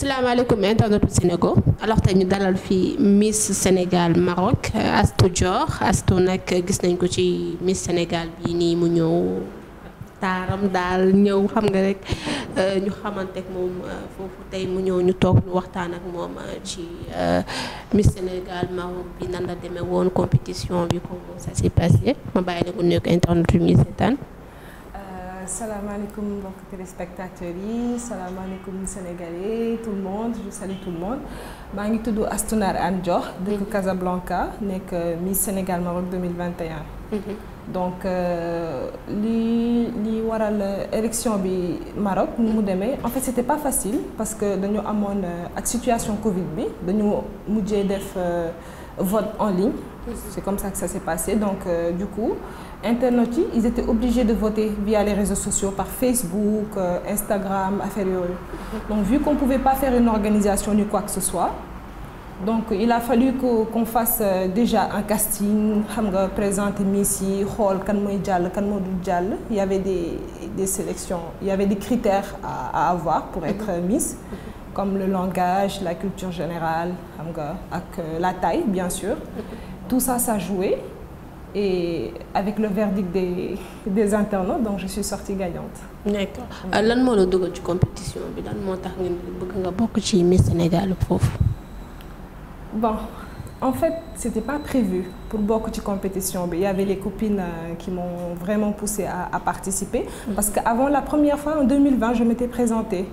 salaamaaleykum internetu Sénégal alors tey ñu dalal fi Miss Sénégal Maroc Astou Dior Astou nag gis nañ ko ci Miss Sénégal bii nii mu ñëw taaram daal ñëw xam nga rek euh, ñu xamante ak moom euh, foofu tey mu ñëw ñu toog lu waxtaan ak moom euh, ci Miss Sénégal Maroc bi nan la demee woon compétition bi comment ça s'est passé ma bàyyi la ko nuyoog internet yu salaamaaleykum mbokk téléspectateurs yi salaamaaleykum sénégalais tout le monde je salue tout le monde maa ngi tudd Astounar Anne Dior dëkk mhm. Casablanca nekk euh, mi Sénégal Maroc 2021 mhm. donc euh, li li waral euh, élection bi Maroc nu mu mhm. demee en fait c'était pas facile parce que dañu amoon ak situation Covid bi dañu mujjee def vote en ligne C'est comme ça que ça s'est passé. Donc, euh, du coup, internautes yi ils étaient de voter via les réseaux sociaux par Facebook euh, Instagram affaire yooyu. donc vu qu'on pouvait pas faire une organisation ni quoi que ce soit. donc il a fallu que qu'on fasse euh, déjà un casting xam nga présenter miss yi xool kan mooy jàll kan moo dul jàll il y avait des des sélections il y avait des critères à, à avoir pour mhm. être miss comme le langage la culture générale xam nga ak euh, la taille bien Tout ça, ça jouait. Et avec le verdict des, des internautes, donc je suis sortie gagnante. D'accord. Ah, lan moo la dugal ci compétition bi lan moo tax nga bëgg nga bokk ci Miss Sénégal foofu. Bon, en fait, c'était pas prévu pour bokk ci compétition bi. Il y avait les copines euh, qui m'ont vraiment poussée à, à participer mm. parce que avant la première fois en 2020, je m'étais présentée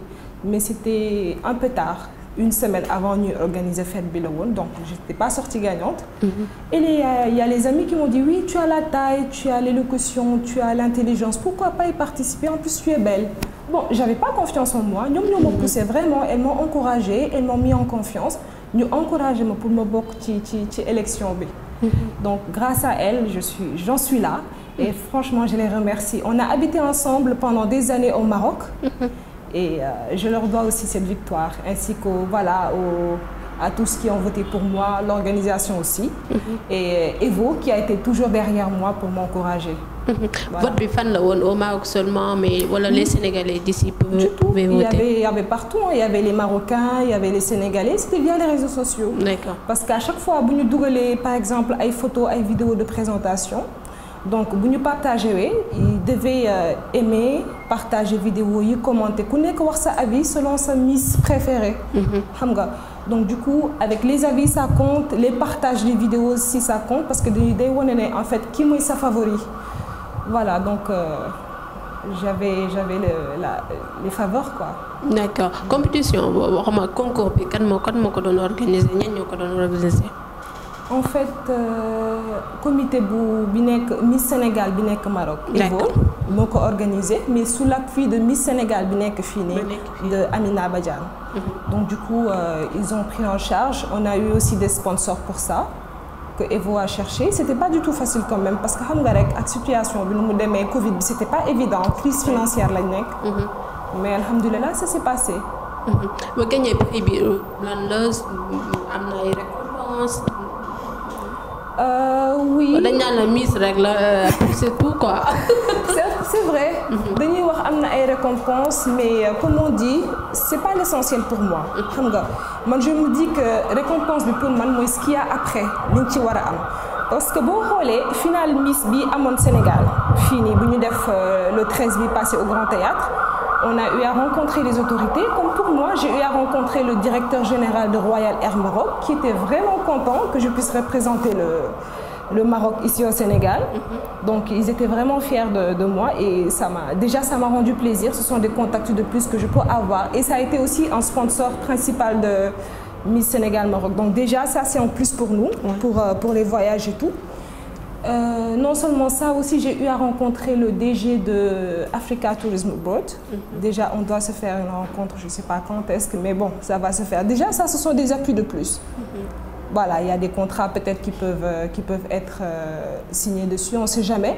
mais c'était un peu tard. une semaine avant ñuy organiser fête bi la woon donc j'étais pas sortie gagnante. Mm -hmm. et les il euh, y a les amis qui m'ont dit oui tu as la taille tu as l'élocution tu as l'intelligence pourquoi pas y participer en plus tu es belle. bon j'avais pas confiance en moi ñoom ñoo ma mhm. poussé vraiment elles m'ont encouragée elles m'ont mis en confiance ñu encouragé ma pour ma bokk ci ci ci élection bi. Mhm. donc grâce à elles je suis j'en suis là. et mhm. franchement je les remercie on a habité ensemble pendant des années au Maroc. Et euh, je leur dois aussi cette victoire, ainsi qu'aux voilà, aux, à tous qui ont voté pour moi, l'organisation aussi, e -hmm. et Evo qui a été toujours derrière moi pour m'encourager. Mm -hmm. voilà. fan la woon au Maroc seulement, mais voilà les Sénégalais d'ici pouvaient voter. Il y avait, il y avait partout, il y avait les Marocains, y avait les Sénégalais, c'était via les réseaux sociaux. D'accord. Parce qu'à chaque fois bu ñu dugalee par exemple ay photos ay vidéos de présentation. donc bu ñu partagé wee il devait euh, aimer partager vidéo yi commenter ku nekk wax sa avis selon sa miss préférée mhm. xam nga donc du coup avec les avis ça compte les partages des vidéos si ça compte parce que dañuy day wane ne en fait kii mooy sa favori voilà donc euh, j'avais j'avais la les faveurs quoi. d'accord compétition boobu waxuma concours bi kan moo kan moo ko doon organiser ñan en fait euh, comité bu bi nekk mis Sénégal bi nekk Maroc. Ivo moo ko organisé mais sous l'appui de Miss Sénégal bi nekk fii nii. de Amina Badiane. Mmh. donc du coup euh, ils ont pris en charge on a eu aussi des sponsors pour ça. que Evo a cherché c'était pas du tout facile quand même parce que xam nga rek ak situation bi nu mu demee Covid bi c'était pas évident crise financière lañ nekk. Mhm. mais alhamdulilah ça s'est passé. ba mhm. gagné prix bi euh, lan la am na Euh, oui dañ naan la miss rek la euh, c'est tout quoi. c'est vrai. Mhm. dañuy wax am na ay récompenses mais euh, comme on dit c'est pas l'essentiel pour moi. man je me dis que récompense bi pour man mooy ce qu'il y a après liñ ci war a am. parce que boo xoolee final miss bi amoon Sénégal fii nii bu ñu def le 13 bi passé au Grand Théâtre on a eu à rencontrer les autorités. Comme pour moi, j'ai eu à rencontrer le directeur général de Royal Air Maroc, qui était vraiment content que je puisse représenter le, le Maroc ici au Sénégal. Mm -hmm. Donc, ils étaient vraiment fiers de, de moi et ça m'a déjà ça m'a rendu plaisir. Ce sont des contacts de plus que je peux avoir et ça a été aussi un sponsor principal de Miss Sénégal Maroc. Donc déjà, ça c'est en plus pour nous, ouais. pour, euh, pour les voyages et tout. Euh, non seulement ça, aussi j'ai eu à rencontrer le DG de Africa Tourism Board. Mm -hmm. Déjà, on doit se faire une rencontre, je sais pas quand est que, mais bon, ça va se faire. Déjà, ça, sont des appuis de plus. Mhm. Voilà, il y a des contrats peut-être qui peuvent, euh, qui peuvent être euh, signés dessus, on ne sait jamais.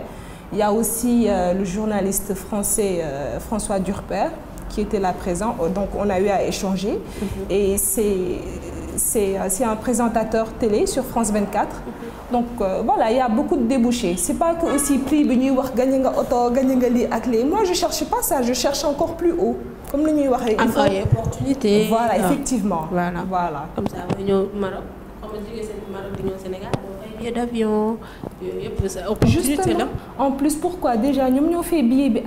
Il y a aussi euh, le journaliste euh, François Durper qui était là présent, oh, donc on a eu à échanger. Mhm. Et c'est Euh, c'est un présentateur télé sur France 24. donc euh, voilà il y a beaucoup de débouchés c'est pas que aussi prix bi ñuy wax gagné nga oto gagné nga lii ak lii moi je cherche pas ça je cherche encore plus haut comme li ñuy waxee. am ay voilà effectivement. voilà ñëw Maroc xam nga en plus pourquoi déjà ñoom fait billet bi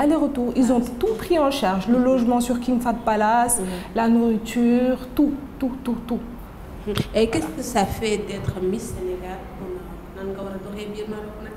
ils ont ah, tout pris en charge le logement sur King Fahd Palace la nourriture tout tout tout tout et qu'est-ce fait d'être Miss Sénégal nan nga war a doxee biir Maroc nag.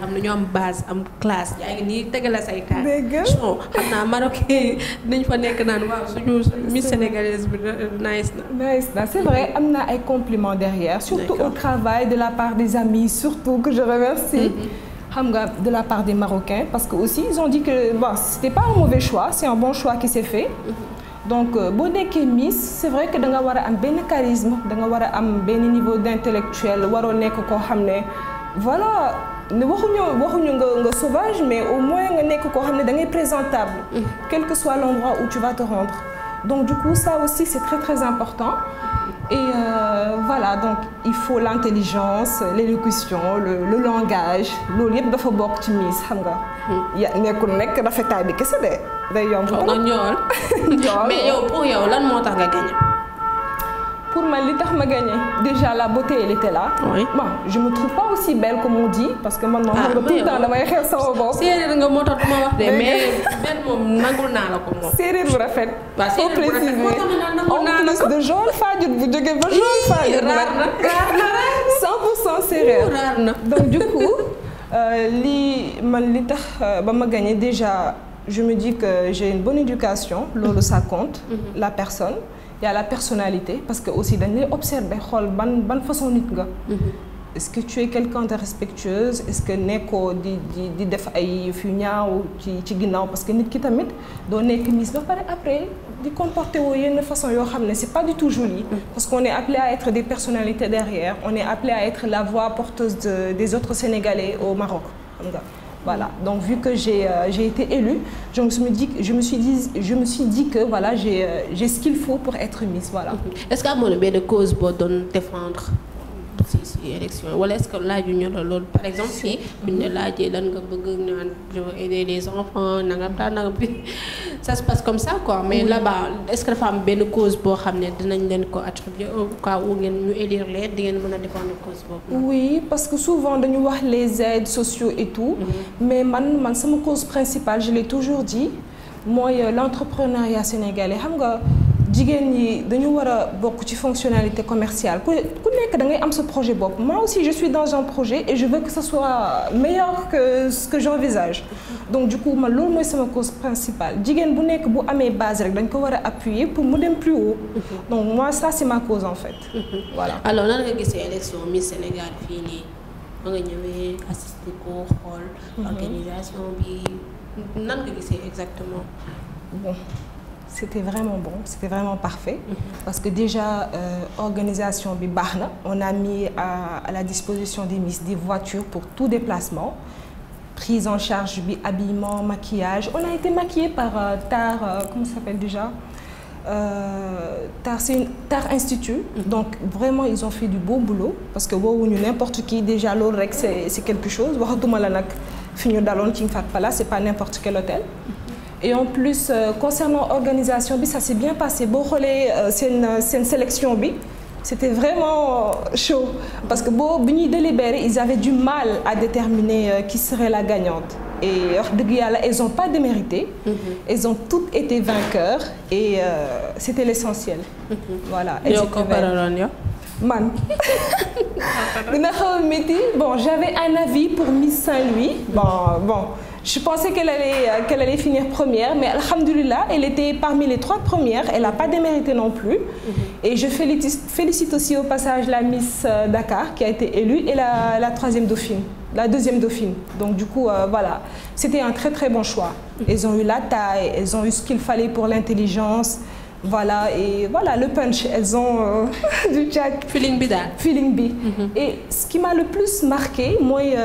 xam ne ñoo am base am classe yaa ngi nii tegale say taal. dégg nga xam naa marocain yi dinañ fa nekk naan waaw suñu Miss sénégalaise bi euh, na. c'est vrai am na ay compliments derrière. surtout au travail de la part des amis surtout que je remercie. Mm-hmm. xam nga de la part des Marocains parce que aussi ils ont dit que bon c'était pas un mauvais choix c'est un bon choix qui s'est fait. Mm-hmm. donc euh, boo nekkee Miss c'est vrai que da nga war a am benn charisme da nga war a am benn niveau d'intellectuel waroo nekk koo xam ne voilà ne waxuñu waxuñu nga nga sauvage mais au moins nga nekk koo xam ne da ngay présentable mm. quel que soit l'endroit où tu vas te rendre donc du coup ça aussi c'est très très important Et euh, voilà, donc il faut l'intelligence, l'élocution, le, le langage. loolu yëpp dafa bokk ci Miss xam nga. Hmm. ya nekkul nekk rafetaay bi kese de day yomb. xaw mais yow pour yow lan moo tax nga gagné. pour man li tax ma gagné déjà la beauté elle était là. oui bon je me trouve pas aussi belle comme on dit parce que man. ah man tout le temps damay xew sama bopp. séeréer nga moo tax ma wax de mais. moom nangul naa la ko moom. séeréer bu rafet. waaw séeréer bu rafet la ko en plus de Joal Fadiouth bu jóge ba Joal Fadiouth. raar na raar na donc du coup euh, lii man li tax euh, ba ma gagné déjà je me dis que j'ai une bonne éducation. loolu ça compte. Mhm. la personne. y la personnalité parce que aussi dañ lay observer xool ban ban façon nit nga. Mhm. est-ce que tu es quelqu'un de respectueuse est que nekkoo di di di def ay fu ñaaw ci ci ginnaaw parce que nit ki tamit doo nekk miss ba pare après di comporter woo yenn façon yoo xam ne c'est pas du tout joli mm. parce qu'on est appelé à être des personnalités derrière on est appelé à être la voix porteuse des autres Sénégalais au Maroc xam nga voilà donc vu que j'ai euh, j'ai été élue je me suis dit je me suis dit que voilà j'ai euh, ce qu'il faut pour être miss voilà mm-hmm. est-ce que amoon na benn cause doon défendre si si élection wala est-ce que laaju ñu la loolu par exemple fii buñ ne laajee lan nga bëgg naan je veux aider enfants nangam taa nangam bi ça se comme ça quoi mais là-bas est-ce benn cause boo xam ne dinañ leen ko attribuer au di ngeen mën a défendre cause boobu oui parce que souvent dañu wax les aides sociaux et mhm. mais man man sama cause principale je l'ai toujours dit mooy euh, l'entrepreneuriat sénégalais xam nga jigéen ñi dañu war a bokk ci fonctionnalité commerciale ku ku nekk da ngay am sa projet bopp moi aussi je suis dans un projet et je veux que ce soit meilleur que ce que j'envisage donc du coup loolu mooy sama cause principal jigéen bu nekk bu amee base rek dañ ko war a appuyer pour mu dem plus haut donc moi ça c'est ma cause en fait voilà alors nan nga gisee élection Miss Sénégal fii nii ba nga ñëwee assister ko xool mhm. organisation bi nan nga gisee exactement c'était vraiment bon c'était vraiment parfait mhm. parce que déjà euh, organisation bi baax na on a mis à, à la disposition des Miss des voitures pour tout déplacement prise en charge bi habillement maquillage on a été maquillé par euh, Tar euh, comment ça s'appelle déjà euh, Tar c'est une Tar Institut mhm. donc vraiment ils ont fait du beau boulot parce que woowuñu n'importe qui déjà loolu rek c'est c'est quelque chose waxatuma la nag fi ñu daloon King Fahd Palace c'est pas n'importe quel hôtel et en plus euh, concernant organisation bi ça s'est bien passé boo xoolee euh, seen euh, seen sélection bi c'était vraiment chaud parce que boo bi ñuy délibéré ils avaient du mal à déterminer qui serait la gagnante et wax dëgg yàlla ils ont pas démérité mm -hmm. ils ont toutes été vainqueurs et euh, c'était l'essentiel mm -hmm. voilà man dina xaw a métti bon j'avais un avis pour Miss Saint-Louis bon bon Je pensais qu'elle allait, euh, qu'elle allait finir première, mais Alhamdulillah, elle était parmi les trois premières. Elle n'a pas démérité non plus. Mm -hmm. Et je félicite, félicite, aussi au passage la Miss euh, Dakar qui a été élue et la, la troisième dauphine, la deuxième dauphine. Donc du coup, euh, voilà, c'était un très très bon choix. Elles ont eu la taille, elles ont eu ce qu'il fallait pour l'intelligence. Voilà, et voilà, le punch, elles ont euh, du jack. Feeling B, Feeling B. Mm -hmm. Et ce qui m'a le plus marqué, moi, euh,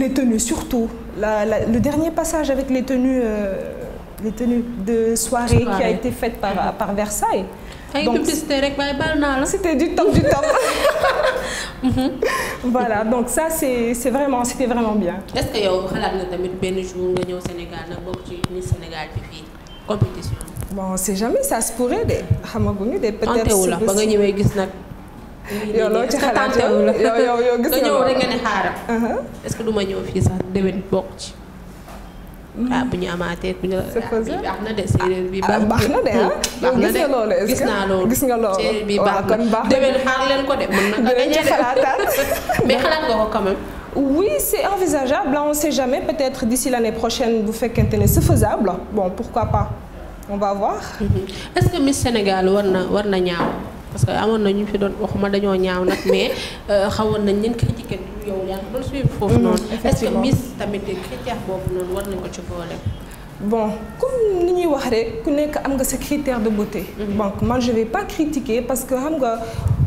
les tenues surtout. la, la, le dernier passage avec les tenues, euh, les tenues de soirée, qui a été faite par, Versailles. C'était du temps, du temps. Mhm. Voilà, donc ça c'est vraiment, bien. Est-ce que vous avez tamit ben jour nga ñëw Sénégal na bok ci Miss Sénégal bi fi compétition? Bon, c'est jamais ça se pourrait des xamaguñu des peut-être. Anté wu la gis nak yow loo ci xalaat yow yow yow gis nga ñëw rek nga ne xaaral. Uh-huh. est-ce que du ñëw fii sax déwén bokk ci. Mm. ah bu ñu amaatee bu ñu la. Ah, baax na de séeréer bi ah, baax na de ah. hmm, baax na de gis naa loolu gis nga loolu séeréer baax na leen ko de mën na ko ci xalaataat xalaat nga ko quand même. oui envisageable on sait jamais peut-être d'ici l'année prochaine bu fekkente ne c'est faisable bon pourquoi pas on va voir. Mm-hmm. est-ce que Miss Sénégal war na war na ñaaw. parce que amoon na ñu fi doon waxuma dañoo ñaaw nag mais euh, xawoon nañ leen critiquer yow yaa ngi doon suivre mm, tamit critère boobu noonu war nañ ko ci boole. bon comme ni ñuy wax rek ku nekk am nga sa critère de beauté. Mm-hmm. donc man je vais pas critiquer parce que xam nga.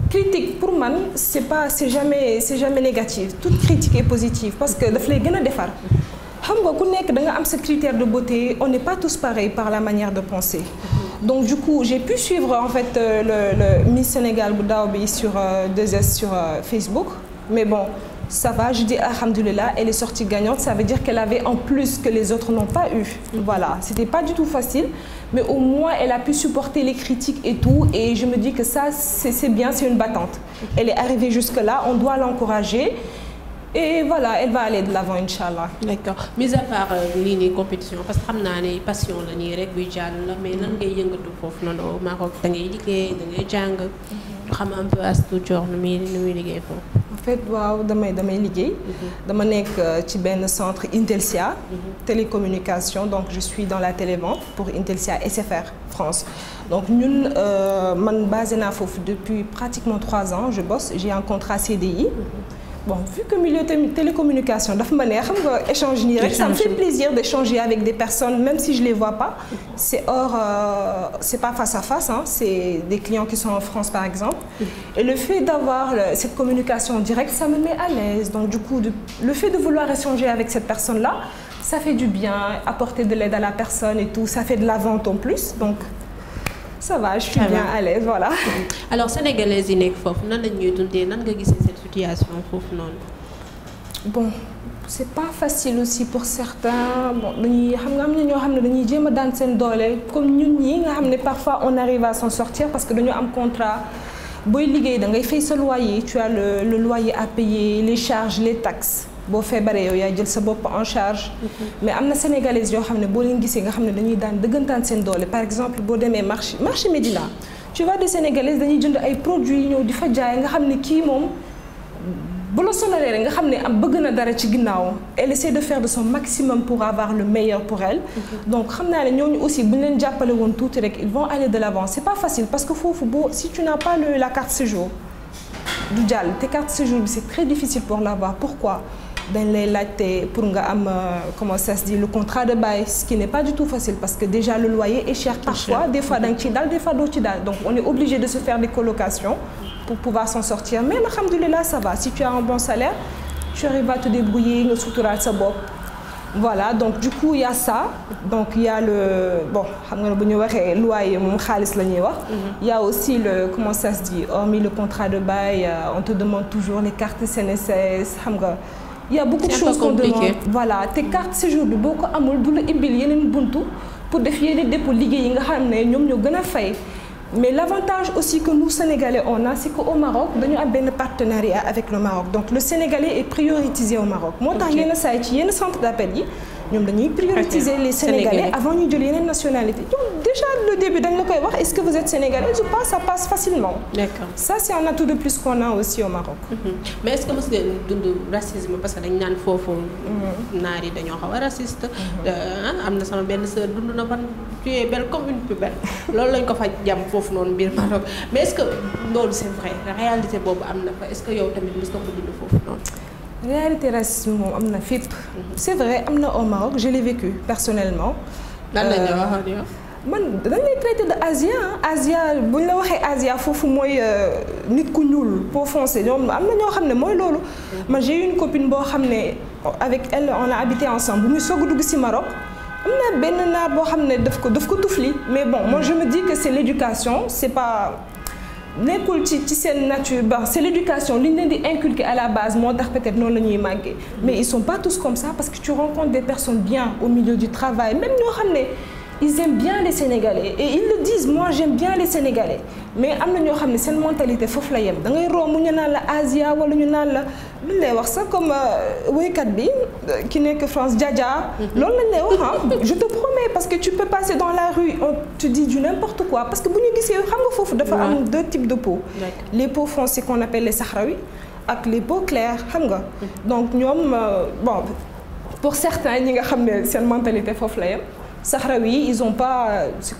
critique pour man c'est pas c'est jamais c'est tout négatif toute critique est positive parce que daf lay gën a defar mm-hmm. xam nga ku nekk da nga am sa critère de beauté on n'est pas tous pareils par la manière de penser mm-hmm. donc du coup j'ai pu suivre en fait euh, le, le Miss Sénégal bu daaw bi sur 2S euh, sur euh, Facebook mais bon ça va je dis alhamdulillah elle est sortie gagnante ça veut dire qu'elle avait en plus que les autres n'ont pas eu mm. voilà c'était pas du tout facile mais au moins elle a pu supporter les critiques et tout et je me dis que ça c'est bien c'est une battante elle est arrivée jusque là on doit l'encourager et voilà elle va aller de l'avant incha allah. d'accord mis à part euh, lii nii compétition parce que xam naa ne passion la nii rek buy jàll la mais lan ngay yëngatu foofu noonu au Maroc da liggéey da ngay jàng. Mhm. xam un peu Astou nu muy liggéey foofu. en fait waaw damay damay liggéey. Mhm. dama nekk euh, ci benn centre Intelsia. Mhm. télécommunication donc je suis dans la télévente pour Intelsia SFR France. donc ñun euh, man basé naa foofu depuis pratiquement trois ans je bosse j'ai un bon vu que milieu télécommunication daf ma neex xam nga échange nii rek ça me fait plaisir d'échanger avec des personnes même si je les vois pas c'est hors euh, c'est pas face à face hein c'est des clients qui sont en France par exemple et le fait d'avoir cette communication directe ça me met à l'aise donc du coup de, le fait de vouloir échanger avec cette personne là ça fait du bien apporter de l'aide à la personne et tout ça fait de la vente en plus donc ça va je bien à voilà. alors sénégalaises yi nekk foofu nan la ñuy dundee nan nga gisee cette situation foofu noonu. bon c'est pas facile aussi pour certains bon dañuy xam nga am na ñoo xam ne dañuy jéem a daan seen doole comme ñun ñi nga xam ne parfois on arrive à s'en sortir parce que dañoo am contrat. booy liggéey da ngay fay sa loyer tu as le le loyer à payer les charges les tax boo feebaree yow yaay jël sa bopp en charge. Mhm. mais am na sénégalaises yoo xam ne boo leen gisee nga xam ne dañuy daan dëggantaan seen doole par exemple boo demee marché marché Médina tu vois des sénégalaises dañuy jënd ay produits yi ñëw di fa jaay nga xam ne kii moom bu la sonalee rek nga xam ne am bëgg na dara ci ginnaawam elle essaie de faire de son maximum pour avoir le meilleur pour elle. Mhm. donc xam naa ne ñooñu aussi bu ñu leen jàppale woon tuuti rek ils vont aller de l'avant c'est que foofu boo si tu n'as pas le la carte séjour du jàll te carte séjour bi pour l'avoir dañ lay laajte pour nga am euh, comment ça se dit le contrat de bail ce qui n'est pas du tout facile parce que déjà le loyer est cher parfois des fois da nga ciy daal fois doo ci daal donc on est obligé de se faire des colocations pour pouvoir s'en sortir mais alhamdulilah ça va si tu as un bon salaire tu arrives te débrouiller nga suturaal sa bopp voilà donc du coup il y a ça donc il y a xam nga ne bu ñu waxee loyer moom xaalis la ñuy wax. Mhm. il y a aussi le comment ça se dit hormis le contrat de bail euh, on te demande xam nga. yaa a beaucoup de choses qu'on demande voilà te carte séjour bi boo ko amul du la ibbil yeneen buntu pour def yeneen dépôt liggéey yi nga xam ne ñoom ñoo gën a fay mais l' avantage aussi que nous sénégalais on a c' est que au Maroc dañu am benn partenariat avec le Maroc donc le sénégalais est prioritisé au Maroc. moo tax yenn saa ci yenn centre d' appel yi. ñoom dañuy prioriser les sénégalais avant ñu jël yeneen nationalité ñoom déjà le début dañ la koy wax est-ce que vous êtes sénégalais ou pas ça passe facilement. d'accord ça c'est un atout de plus qu'on a aussi au Maroc. Mm-hmm. mais est-ce que mos ngeen dund racisme parce que dañ naan foofu. Mm-hmm. naar yi dañoo xaw raciste. Mm-hmm. Euh, ah, am na sama benn sœur dund na ban tu es belle comme une poubelle loolu lañ ko fa jàmm foofu noonu biir Maroc mais est-ce que loolu c'est vrai réalité boobu am na fa est-ce que yow tamit mos réalité racisme moom am na fépp. c'est vrai am na au Maroc je l'ai vécu personnellement. lan la ñu euh, waxoon man dañ lay traité de asia asia bu ñu la waxee asia foofu mooy euh, nit ku ñuul peau foncée am na ñoo xam ne mooy loolu. man j'ai une copine boo xam ne avec elle on a habité ensemble bu muy soog a dugg ci Maroc. am na benn naar boo xam ne daf ko daf ko tufli mais bon moi je me dis que c'est l'éducation c'est pas. nekkul ci ci seen nature baax c'est l'éducation li ñu leen di inculquer à la base moo tax peut-être noonu la ñuy màggee mais ils sont pas tous comme ça parce que tu rencontres des personnes bien au milieu du travail même ñoo xam ne ils aiment bien les Sénégalais et ils le disent moi j'aime bien les Sénégalais mais am na ñoo xam ne seen mentalité foofu la yem da ngay romb ñu naan la Asia wala ñu naan la luñ lay wax sax comme euh, woykat bi euh, ki nekk France jaja loolu lañ lay wax ah je te promets parce que tu peux passer dans la rue on te dit n'importe quoi parce que bu ñu gisee xam nga foofu dafa am deux types de peau les peaux foncées qu'on appelle les ak les peaux claires xam nga mm-hmm. donc ñoom euh, bon pour certains ñi nga xam ne seen mentalité foofu la yem sahraouis ils ont pas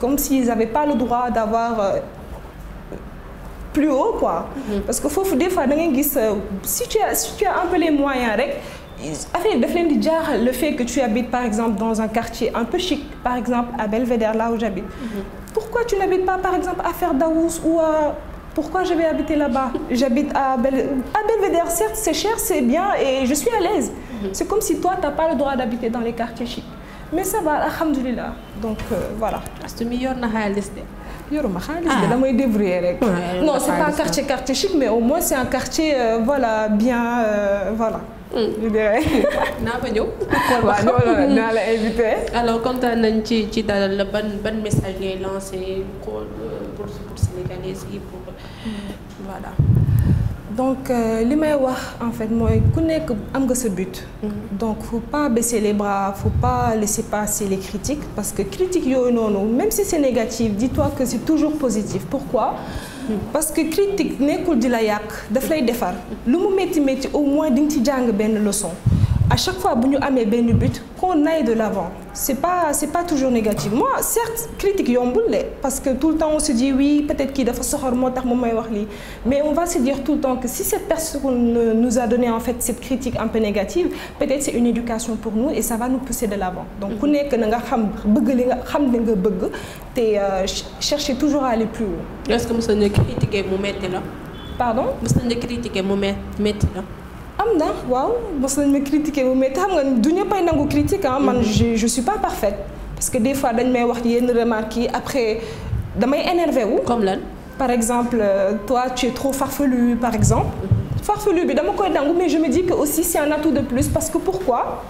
comme s'ils avaient pas le droit d'avoir plus haut quoi. Mhm. parce que foofu des fois da ngay gis euh, si tu as si tu as un peu les moyens rek. affaire daf leen di jaaxal le fait que tu habites par exemple dans un quartier un peu chic par exemple à Belvédère là où j'habite mhm. pourquoi tu n'habites pas par exemple à Ferdaous ou à pourquoi je vais habiter là-bas j'habite à Bel... à Belvédère certes c'est cher c'est bien et je suis à l'aise mhm. c'est comme si toi t'as pas le droit d'habiter dans les quartiers chics mais ça va alhamdoulilah donc euh, voilà yoruma xaalis ah. bi damay débrouiller rek. non c'est pas quartier quartier chic mais au moins c'est un quartier euh, voilà bien euh, voilà. Mm. naa fa ñëw. waaw naa la invité. alors kontaan nañ ci ci dalal la ban ban message ngay lancé pour pour sénégalais yi pour mm. voilà. donc euh, li may wax en fait mooy ku nekk am nga sa but. Mm-hmm. donc faut pas baisser les bras faut pas laisser passer les critiques parce que critiques yooyu noonu même si c'est négatif dis-toi que c'est toujours positif pourquoi. Mm-hmm. parce que critique nekkul di la yàq daf lay defar. lu mu métti métti au moins di nga ci jàng benn leçon à chaque fois bu ñu amee benn but. qu'on aille de l'avant. C'est pas c'est pas toujours négatif. Moi, certes, critique yombul parce que tout le temps on se dit oui, peut-être qu'il dafa soxor moo tax moom may wax lii. Mais on va se dire tout le temps que si cette personne nous a donné en fait cette critique un peu négative, peut-être c'est une éducation pour nous et ça va nous pousser de l'avant. Donc ku nekk na nga xam bëgg li nga xam li nga bëgg te euh, chercher toujours à aller plus haut. Est-ce que mos nañu critiquer mu metti la? Pardon? mu metti la. am na waaw mos nañ ma critiqué bu mais xam nga du ñëppay critique ah. mm-hmm. je suis pas parfaite parce que des fois dañ may wax yenn remarques yi après damay énervé wu. comme lan. par exemple euh, toi tu es trop farfelu par exemple. Mm-hmm. farfelu bi dama koy nangu mais je me dis que aussi c'est un atout de plus parce que pourquoi.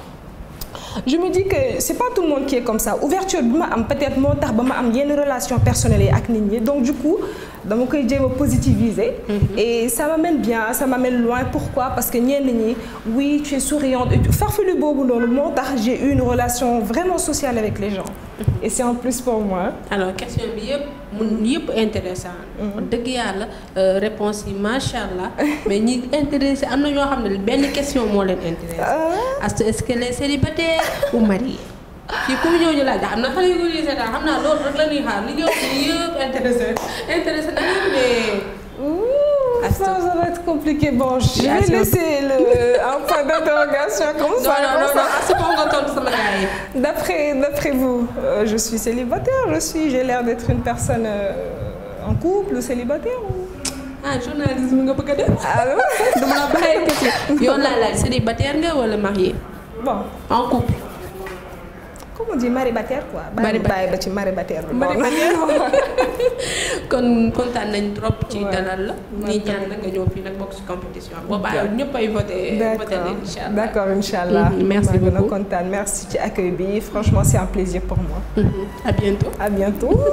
je me dis que c'est pas tout le monde qui est comme ça ouverture bi ma am peut-être moo tax ba ma am yenn relation personnelle yi ak nit ñi donc du coup dama koy jéem a positiviser. Mm-hmm. et ça m'amène bien ça m'amène loin pourquoi parce que ñenn ñi oui tu es souriante farfelu boobu noonu moo tax j'ai eu une relation vraiment sociale avec les gens. Mm-hmm. et c'est en plus pour moi. alors question bi yëpp. mun yëpp intéressant mm-hmm. dëgg yàlla euh, réponse yi macha allah mais ñi intéressé am na ñoo xam ne benn question moo leen intéressé ah. Astou est-ce qu'elle est célibataire ou mariée kii ku ñëw ñu laaj xam naa loolu rek la xaar li ñëw ci yëpp intéressé intéressé na mais. ça ça va être compliqué bon je vais D'après, d'après vous, euh, je suis célibataire, je suis, j'ai l'air d'être une personne euh, en couple ou célibataire ou... ah journalisme nga bëgg a def. allo. Ah dama la bàyyi question. yoon laa laaj célibataire nga wala bon en couple. comment dire maribataire quoi. maribataire ba ci maribataire bi. kon kontaan nañ trop. ci dalal la. ñuy ñaan nag nga ñëw fii nag bokk ci compétition bi. boobaa ñëpp ay voté voté leen incha allah d' accord incha mm-hmm. merci kontaan merci ci accueil bi franchement c' est un plaisir pour moi. Mm-hmm. à bientôt à bientôt.